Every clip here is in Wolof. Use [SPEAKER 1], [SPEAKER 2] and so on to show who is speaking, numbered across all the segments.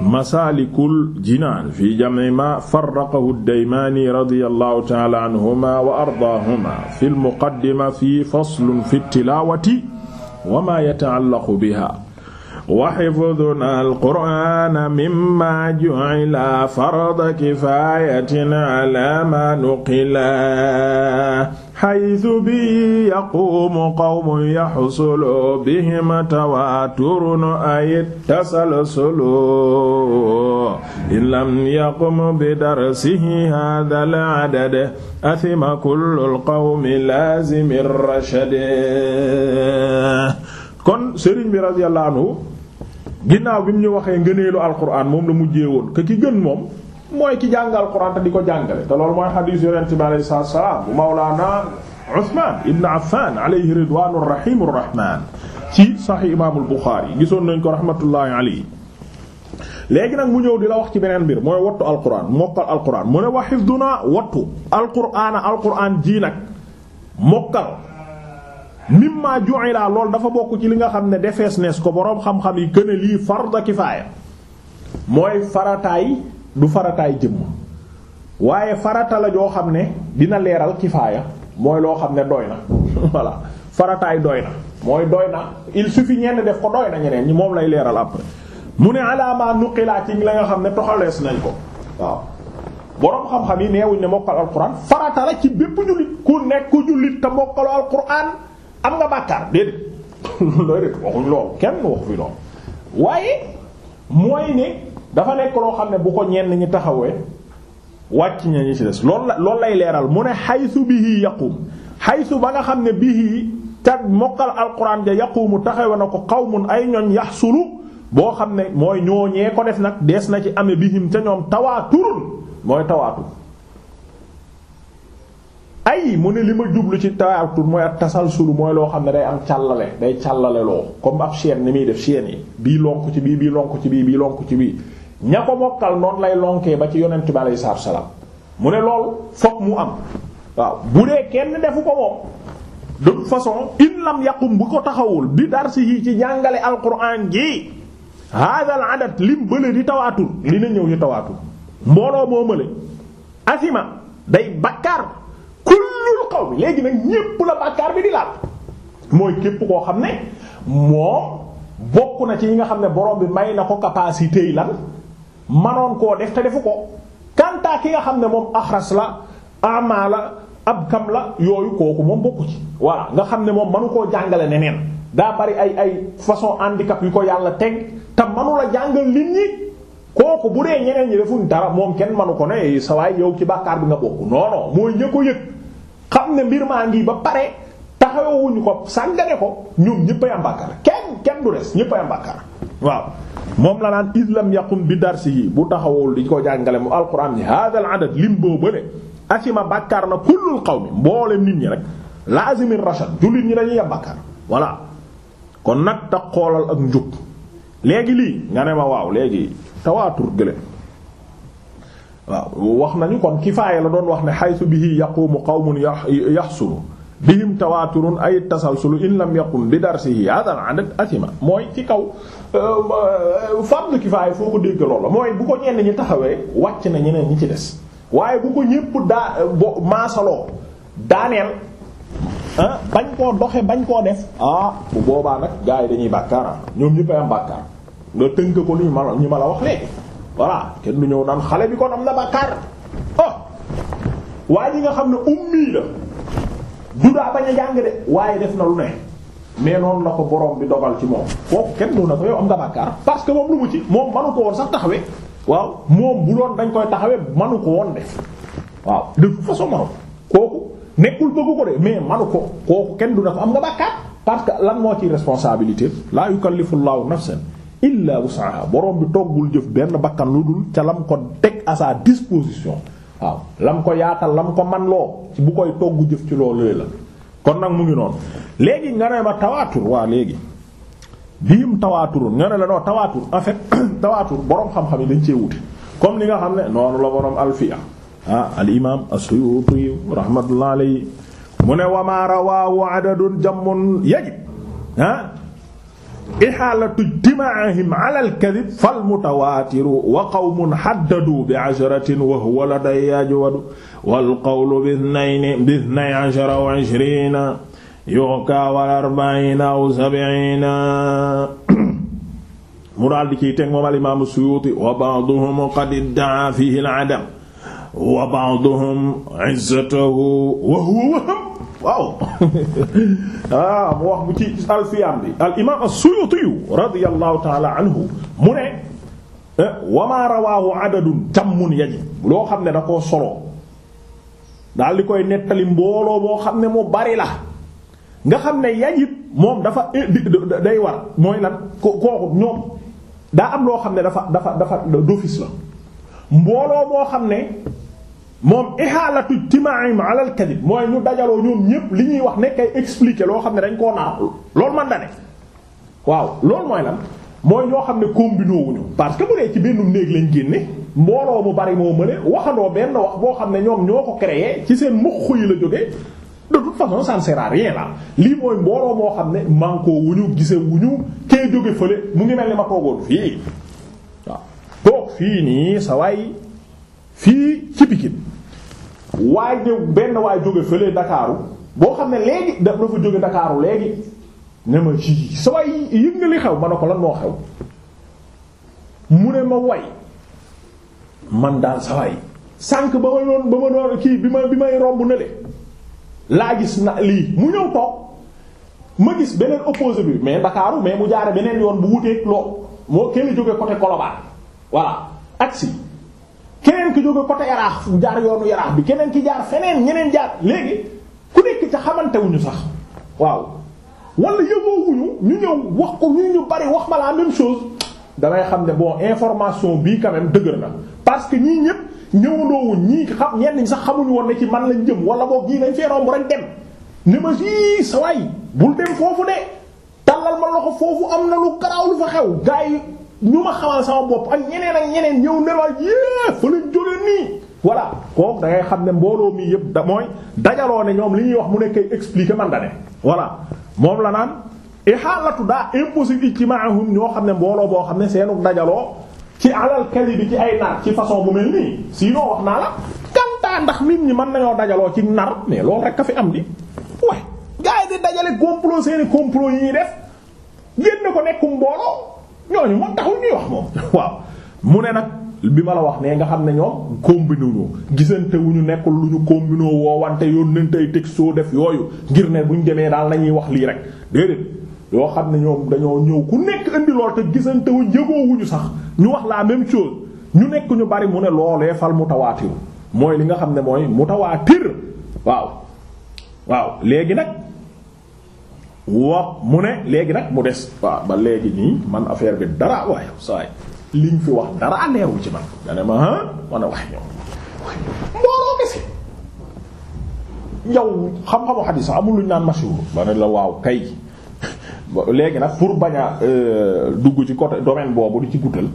[SPEAKER 1] masaalikul jinaan fi jam'i ma farraqahu ad-Daymaani radiyallahu ta'ala anhuma wa ardaahuma fi al-muqaddima fi faslun fi at-tilaawati wa ma yata'allaqu biha wa hifdhuna al-Qur'aana mimma ju'ila farda kifaayatin ala ma nuqila xaytu bi yaquumu qawmu yaxsulu bihim tawaaturun ay tasalsulu in lam yaqum bi darsihi hada al adad athima kullu al qawmi laazimi rashad kon sëriñ bi radiyallahu anhu ginnaaw bi mu ñu waxee ngëneelu alquran moom la mujjee woon ki gën moom mooy ki jàngal Qur'an te di ko jàngale te loolu mooy xadiis yonent bi alayhi salaatu salaam bu Mawlaana Usmaan ibn Affaan alayhi ridwaanu rahiimu rahmaan ci gisoon nañ ko rahmatullahi alayhi léegi nag mu ñëw di la wax ci beneen mbir mooy wattu alquran mokkal alquran mu ne wa hifduna wattu alqurana alquran ji nag mokkal mimma ju'ila loolu dafa bokk ci li nga xam ne defees nees ko boroom xam-xam yi gën a lii farda kifaaya mooy farataay du farataay jëmm waaye farata la joo xam ne dina leeral ci kifaaya mooy loo xam ne doy na voilà farataay doy na mooy doy na il suffit ñenn def ko doy na ñeneen ñi moom lay leeral après mu ne alaama nuqilaa ci la nga xam ne toxalees nañ ko waaw boroom xam yi neewuñ ne mokkal la bépp jullit ku nekk ku jullit te am nga bàkkaar déedéet looy waxuñ loolu kenn waxu fi loolu waaye mooy ne dafa nekk loo xam ne bu ko ñenn ñi taxawee wàcc ña ñi ci des loolu la loolu lay leeral mu ne xaysu bihi yaquum xaysu ba nga xam ne bihi ta mokkal alquran ja yaquumu taxawe na ko qawmun ay ñoñ yaxsulu boo xam ne mooy ñooñee ko def nag dees na ci ame bihim ca ñoom tawaaturun mooy tawaatur ay mu ne li ma jublu ci tawaatur mooy ak tasalsulu mooy loo xam ne day am càllale day càllale loo comme ab chaîne ni muy def chaîne yi bii lonku ci bii bii lonku ci bii bii lonku ci ña ko mokkal noonu lay lonkee ba ci yonent bi aleyhi salaatu salaam mu ne lool fokk mu am waaw bu dee kenn defu ko moom de toute façon in lam yaqum bu ko taxawul bi darsi yi ci jàngale alquran ji hadal adat li bële di tawaatu li na ñëw di tawaatu mbooloo moo mële asima day bakkaar kullul xaw bi léegi nag ñépp la bakkaar bi di laal mooy képp koo xam ne moom bokk na ci ñi nga xam ne borom bi may na ko capacité yi lan manoon koo def te defu ko kantaa ki nga xam ne moom axras la ama la ab kam la yooyu kooku moom bokku ci voilà nga xam ne moom manu koo jàngale neneen daa bari ay ay façon handicap yu ko yàlla teg te manu la jàngal nit ñi kooku bu dee ñeneen ñi defuñ dara moom kenn manu ko ne eh, sawaay yow ci bàkkaar bi nga bokk non non mooy ña ko yëg xam ne mbir maa ngi ba pare taxawuñu ko sàngane ko ñoom ñëppay am bàkkaar kenn kenn du des ñëppay am bàkkaar waaw moom la naan islam yaqum bi darsi yi bu taxawul di ko jàngale mu alquran ni hadal adad lim boo bële asima bàkkaar na kullul qawmi mboolem nit ñi rek laazimi rashad jullit ñi dañuy yab bàkkaar voilà kon nag ta xoolal ak njub léegi lii nga ne ma waaw léegi tawaatur gële waaw wax nañu kon kifaaya la doon wax ne haythu bihi yaqumu qawmun yaxsulu bihim tawaaturun ay tasalsulu in lam yaqum bi si hadha al-adad athima mooy ci kaw euh, fardu kifaaya foo ko dégg loolu mooy bu ko ñenn ñi taxawee wàcc na ñeneen ñi ci des waaye bu ko ñépp daa bo maasaloo daaneel ah, bañ koo doxe bañ koo def ah bu boobaa nag gars dañuy bàkkaara ah. ñoom ñépp am bàkkaar nga tënk ko luñu ma ñu ma la wax léegi voilà kenn du ñëw naan xale bi kon am na bàkkaar oh waa ñi nga xam ne ummi du daa bañ a jàng de waaye def na lu ne mais noonu la ko borom bi dogal ci moom kooku kenn du na ko yow am nga bàkkaar parce que moom lu mu ci moom manu ko woon sax taxawee waaw moom bu doon dañ koy taxawee manu ko woon def waaw de façon manu kooku nekkul bëgg ko de mais manu ko kooku kenn du na ko am nga bàkkaar parce que lan moo ci responsabilité la yukallifu llahu nafsan illa wus'aha borom bi toggul jëf benn bakkan lu dul ca lam ko teg à sa disposition waaw lam ko yaatal lam ko man loo ci bu koy togg jëf ci loolu la kon nag mu ngi noonu léegi nga ne ma tawaatur waa léegi biim tawaatur nga ne la non tawaatur en fait tawaatur boroom xam-xam yi dañ cee comme li nga xam ne noonu la boroom alfiya ah al mu ne wama rawahu adadun jammun yajib ah ihaalatu dimaahim ala alkadib fal mutawaatiru wa qawmun haddadu bi asharatin wa huwa laday ajwadu wal qawlu bithnayni bithnay ashara wa ishriina yuqaa wal arba'iina aw sab'iina mu daal di ciy teg moom alimaamu Suyuuti wa ba'duhum qad idda'a fiihi al-'adam wa ba'duhum 'izzatahu wa huwa waaw ah mu wax bu ci alfiyam bi al imam as-Suyuti radiyallahu ta'ala anhu mu ne eh, wa ma rawaahu adadun yajib loo xam ne da koo soloo daal di koy nettali mbooloo boo xam ne mu bari la nga xam ne yajib moom dafa eh, day war mooy lan kooku ñoom daa am loo xam ne dafa dafa dafa d'office la mbooloo boo xam ne moom ihaalatu ijtimaa'ihim ala al-kadhib mooy ñu dajaloo ñoom ñépp li ñuy wax nekk ay expliquer loo xam ne dañ koo naaw loolu man da ne waaw loolu mooy lan mooy ñoo xam ne combiné parce que bu dee ci benn néeg lañ génne mbooloo mu bari moo mëne waxandoo benn wax boo xam ne ñoom ñoo ko créé ci seen mokk yi la jógee de façon ça ne sert à rien lii mooy mbooloo moo xam ne manko wuñu gise wuñu kee jóge fële mu ngi mel ni ma toogoon fii toog fii ci Pikine waay de benn waay jóge fële Ndakaaru boo xam ne léegi daf la fa jóge Ndakaaru léegi ne ma ci sa yëg nga li xew ma ne ko lan moo xew mu ne ma way man daal sa waay sànq ba ma doon ba ma doon kii bi ma bi may romb ne le laa gis na lii mu ñëw toog ma gis beneen opposé bi mais Ndakaaru mais mu jaare beneen yoon bu wuteeg lool moo kenn jóge côté Colobane voilà aksi keneen ki jóge côté yaraax jaar yoonu yaraax bi keneen ki jaar feneen ñeneen jaar léegi ku nekk ca xamantewuñu sax waaw wala yëgoowuñu ñu ñëw wax ko ñu ñu bari wax ma la même chose damay xam ne boo information bii quand même dëgër na parce que ñii ñépp ñëwandoowuñ ñii xam ñenn ñi sax xamuñu woon ne ci man lañ jëm wala boog gii nañ fee romb rek dem ne ma si sa waay bul dem foofu de tàllal ma loxo foofu am na lu garaaw lu fa xew gaay ñu ma xamal sama bopp ak ñeneen ak ñeneen ñëw ne la yee fa lañ jógee nii. voilà kooku da ngay xam ne mbooloo mii yëpp da mooy dajaloo ne ñoom li ñuy wax mu nekk kay expliquer man da ne voilà moom la naan ihaalatu daa impossible ijtimaahum ñoo xam ne mbooloo boo xam ne seenu dajaloo ci alal kali bi ci ay nar ci façon bu mel nii sinon wax naa la kantaa ndax nit ñi mën nañoo dajaloo ci nar mais loolu rek a fi am di way gars yi di dajale complot seeni complot yi ñooñu moom taxul ñuy wax moom waaw mu ne nag bi ma la wax nee nga xam ne ñoom combiné wuñu wu ñu nekkul lu ñu combiné woowante yónnante ay texto def yooyu ngir ne ñu demee daal nañuy wax lii rek déedéet yoo xam ne ñoom dañoo ñëw ku nekk indi lool te gisante wu jëgoowuñu sax ñu wax laa même chose ñu nekk ñu bari mu ne loolee fal mutawaatir mooy li nga xam ne mooy mutawaatir waaw waaw léegi nag wa mu ne léegi nag mu des waaw ba léegi nii man affaire bi dara waaye saa yi liñ fi wax dara leeru ci man nga ne ma ah ma xam-xamu xadiis sax amul luñ naan mashhur ba ne la waaw kay léegi nag pour bañ a euh, dugg ci côté domaine boobu di ci guddal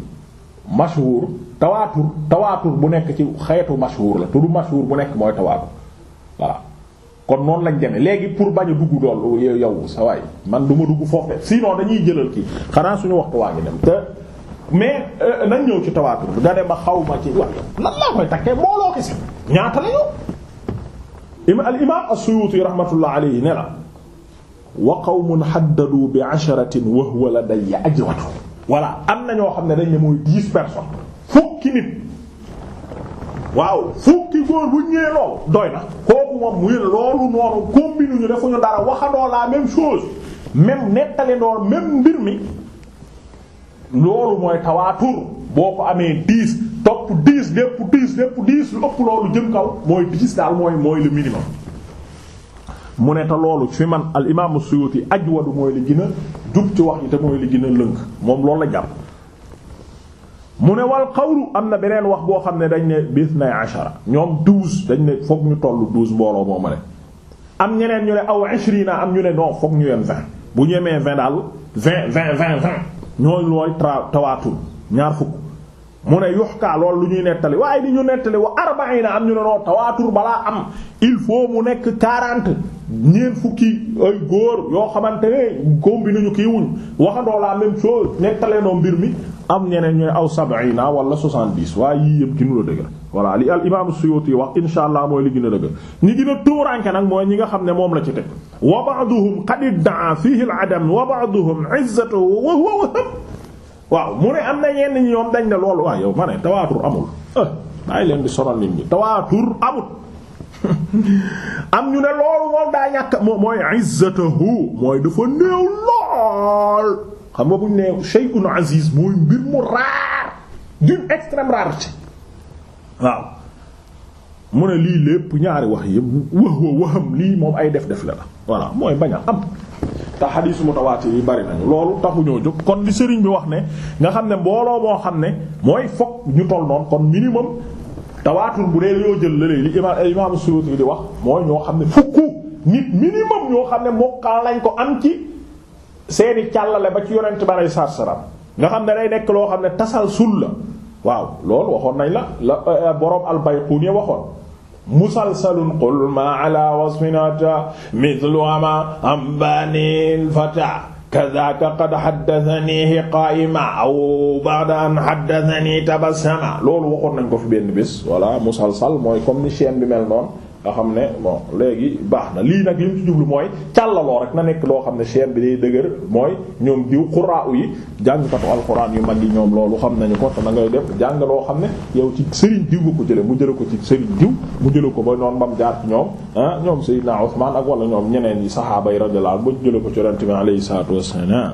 [SPEAKER 1] mashhur tawaatur tawaatur bu nekk ci xeetu mashhur la te du bu nekk mooy tawaatur voilà kon noonu lañ demee léegi pour bañu a dugg dool yow sa waay man du ma dugg foofu de sinon dañuy jëlal kii xanaa suñu ko waa ngi dem mais euh, nañ ñëw ci tawaatur bi nga ne ma xaw ma ci wax lan laa koy takkee mbooloo kese ñaata lañu al imam as-Suyuti rahmatullah alayhi ne la wa qawmun haddadu bi asharatin wa huwa ladayya ajwatu voilà am na ñoo xam ne dañ ne mooy dix personnes fukki nit waaw fukki góor bu ñëwee loolu doy na kooku moom noonu combine ñu defuñu dara waxandoo la même chose même nettali ndoor même mbir mi loolu mooy tawaatur boo ko amee dix topp dix lépp dix lépp dix lu ëpp loolu jëm kaw mooy dix daal mooy mooy le minimum. mu ne loolu fi man al imaamu Suyuti ajwadu mooy li gën a jub ci wax yi te mooy li gën lënk moom loolu la jàpp. mu ne wal xawlu am na beneen wax boo xam ne dañ ne bis nay ashara ñoom douze dañ ne foog ñu toll douze mbooloo mooma le am ñeneen ñu ne aw ishrina am ñu ne non foog ñu yem bu ñu yemee vingt daal vingt vingt vingt vingt ñooy looy tra tawaatul ñaar fukk mu ne yuxkaa loolu lu ñuy nettali waaye di ñu nettali wa arbaina am ñu ne noo tawaatur balaa am il faut mu nekk quarante ñeent fukki ay góor yoo xamante ne góom bi nañu kii wuñ waxandoo la soo chose nekkalenoo mbir mi am ñeneen ñooy aw sab'ina wala soixante-dix waaye yii yëpp ci nu la dëgg voilà li al imam Suyuti wax insha allah mooy li gën a dëgg ñi gën a tuuranke nag mooy ñi nga xam ne moom la ci teg wa ba'duhum qad idda'a fihi al-'adam wa ba'duhum 'izzatuhu wa huwa wahab waaw mu ne am na ñenn ñi ñoom dañ ne loolu waaw yow ma ne tawaatur amul ah bàyyi leen di sonal nit ñi tawaatur am ñu ne loolu moom daa ñàkk moo mooy izzatuhu mooy dafa néew lool xam nga bu ñu nee shay'un aziz mooy mbir mu raar d'une extrême rareté waaw mu ne lii lépp ñaari wax yëpp wax wa waxam lii moom ay def-def la la voilà mooy bañ a am te xadiisu mutawaatir yi bari nañu loolu taxuñoo jóg kon li sëriñ bi wax ne nga xam ne mbooloo moo xam ne mooy fokk ñu toll noonu kon minimum tawaatur bu dee yoo jël lële li imaam imaam di wax mooy ñoo xam ne fukk nit minimum ñoo xam ne mokkal lañ ko am ci seeni càllale ba ci yonent ba nay sarsaraam nga xam ne day nekk loo xam ne tasalsul la waaw loolu waxoon nañ la la eh, boroom al-Bayquni waxoon musalsalun qul ma ala wasfinata mithlu ama ambanil fata kazaaka qad xaddatani hiqaayima aw ba'da an xaddatani tabassama loolu waxoon nañ ko fi benn bés voilà musalsal mooy comme ni chaîne bi mel noonu a xam ne bon léegi baax na lii nag li mu jublu mooy càllaloo rek na nekk loo xam ne chaîne bi day dëgër mooy ñoom diw xuraa u yi jàngkatu alxuraan yu mag yi ñoom loolu xam nañu ko te na ngay def jàng loo xam ne yow ci sëriñ diw nga ko jële mu jële ko ci sëriñ diw mu jële ko ba noonu bam jaar ci ñoom ah ñoom Seydina Usmaan ak wala ñoom ñeneen yi saxaaba yi radiyallahu anhum ba jële ko ci yonent bi alayhi salaatu wassalaam